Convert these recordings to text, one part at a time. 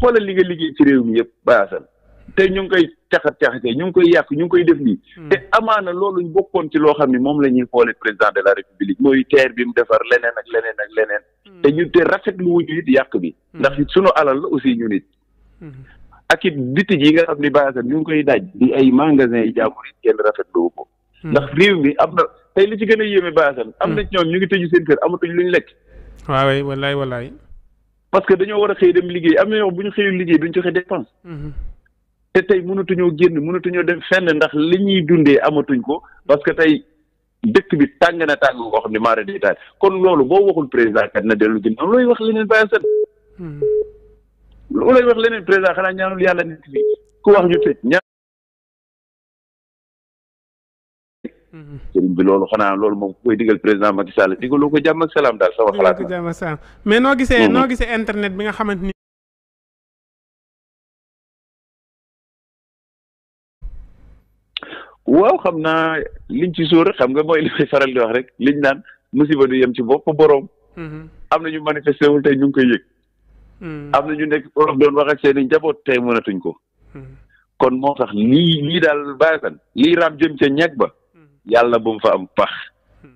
xoolal li nga liggéey ci réew mi yëpp bayaasal te ñu ngi koy caxat caxatee ñu ngi koy yàq ñu ngi koy def nii. Hmm. te amaana loolu ñu bokkoon ci loo xam ne moom la ñuy xoolee président de la république mooy teer bi mu defar leneen ak leneen ak leneen. Hmm. te ñu te rafetlu wuñu it yàq bi. Hmm. ndax it sunu alal la aussi ñu nit. ak it bitig yi nga xam ni bayaasal ñu ngi koy daaj di ay magasin yi jàmbur yi kenn rafetlu ko. ndax réew mi am na tey li ci gën a yéeme bayaasal. am na ñoom ñu ngi tëju seen kër amatuñ luñ lekk. waaw wallaay wallaay. parce que dañoo war a xëy dem liggéey am na yoo bu ñu xëyul liggéey duñ joxe dépense. Mhm. te tey mënatuñoo génn mënatuñoo dem fenn ndax li ñuy dundee amatuñ ko parce que tey dëkk bi tàng na tàng koo xam ne mara di taal kon loolu boo waxul président kat na dellu ginnaaw looy wax leneen bàyyi set. Mhm. looy wax leneen président xanaa ñaanul yàlla nit ku wax ñu tëj sëriñ bi loolu xanaa loolu moom ku koy digal président Macky Sall digaloo ko jàmm ak salaam daal sama xalaat jàmm ak salaam mais noo gisee mm-hmm. noo gisee internet bi nga xamante ni waaw xam naa liñ ci sóor xam nga mooy li may faral di wax rek liñ naan musiba du yem ci bopp boroom mm-hmm. am na ñu manifesté wul tey ñu ngi koy yëg mm-hmm. am na ñu nekk Europe doon wax seeni njaboot tey mënatuñ ko kon moo tax lii lii daal bàyyi lii raam jëm ca ñeg ba yàlla bu mu fa am pax hmm.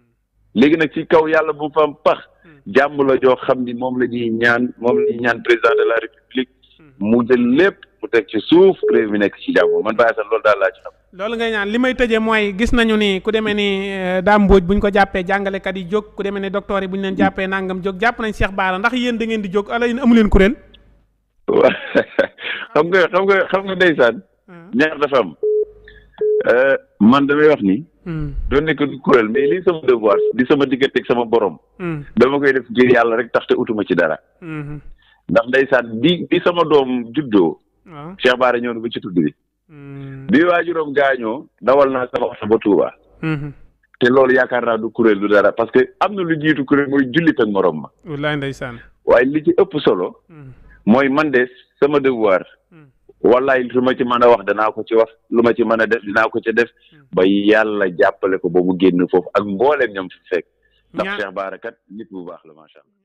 léegi nag ci kaw yàlla bu mu fa am pax hmm. jàmm joo xam ni moom la ñuy ñaan moom la ñuy ñaan président de la république hmm. mu jël lépp mu teg ci suuf réew mi nekk ci jàmm man bàyyi sax loolu daal laa ci xam. loolu ngay ñaan li may tëjee mooy gis nañu ni ku demee ni eh, daam Mbodj bu ñu ko jàppee jàngalekat yi jóg ku demee ni docteur yi bu ñu leen jàppee nangam jóg jàpp nañ Cheikh Bara ndax yéen dangeen ngeen di jóg ala yéen amu leen kuréel. waaw xam Euh, man damay wax ni. Hmm. doon nekk du kuréel mais lii sama devoir di sama diggante ak sama borom. Hmm. dama koy def ngir yàlla rek tax te utuma ci dara. Hmm. ndax ndeysaan bi bi sama doom juddoo. Ah. Cheikh Baara ñëw na ba ci tudd bi. bi waajuram gaañoo dawal naa sama oto ba Touba. te loolu yaakaar naa du kuréel du dara parce que am na lu jiitu kuréel mooy jullit ak morom ma. wallaay ndeysaan. waaye li ci ëpp solo. mooy man de sama devoir. walay su ma ci mën a wax danaa ko ci wax lu ma ci mën a def dinaa ko ci def hmm. ba yàlla jàppale ko ba mu génn foofu ak mbooleem ñoom fi fekk ndax Cheikh Bara kat nit bu baax la macha allah